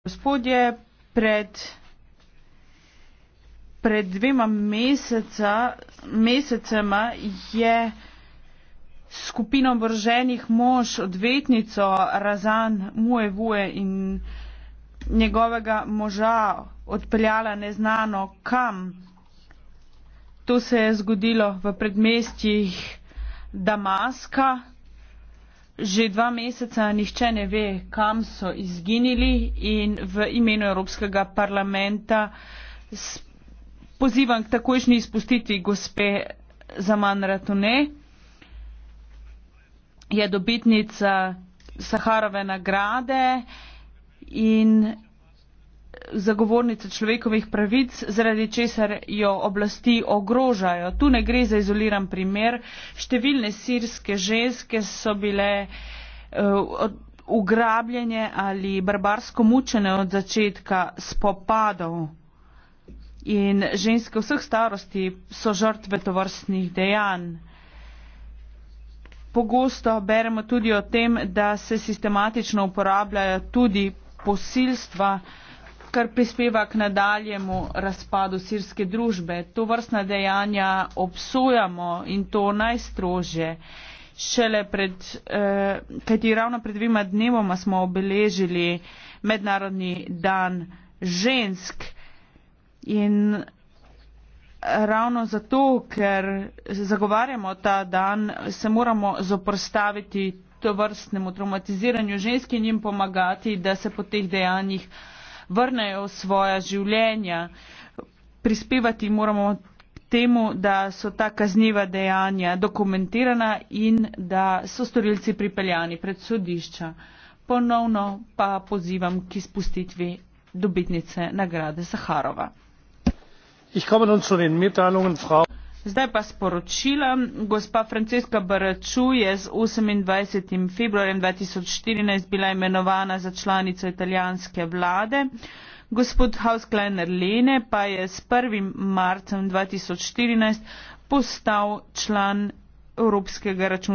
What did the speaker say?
Gospodje, pred, pred dvema meseca, mesecema je skupina obroženih mož odvetnico Razan Muevue in njegovega moža odpeljala neznano kam. To se je zgodilo v predmestjih Damaska. Že dva meseca nihče ne ve, kam so izginili in v imenu Evropskega parlamenta pozivam k takojšnji izpustitvi gospe Zaman Ratune. Je dobitnica Saharove nagrade in zagovornica človekovih pravic, zaradi česar jo oblasti ogrožajo. Tu ne gre za izoliran primer. Številne sirske ženske so bile eh, ugrabljene ali barbarsko mučene od začetka spopadov. In ženske vseh starosti so žrtve tovrstnih dejanj. Pogosto beremo tudi o tem, da se sistematično uporabljajo tudi posilstva, kar prispeva k nadaljemu razpadu sirske družbe. To vrstna dejanja obsojamo in to najstrože. Šele pred, eh, kajti ravno pred dvima dnevoma smo obeležili Mednarodni dan žensk in ravno zato, ker zagovarjamo ta dan, se moramo zoprstaviti to vrstnemu traumatiziranju žensk in jim pomagati, da se po teh dejanjih vrnejo v svoja življenja. Prispevati moramo temu, da so ta kazniva dejanja dokumentirana in da so storilci pripeljani pred sodišča. Ponovno pa pozivam k izpustitvi dobitnice nagrade Saharova. Ich komme nun zu den Mitteilungen, Frau Zdaj pa sporočila. Gospa Francesca Baraču je z 28. februarjem 2014 bila imenovana za članico italijanske vlade. Gospod Hauskleiner Lene pa je s 1. marcem 2014 postal član Evropskega računa.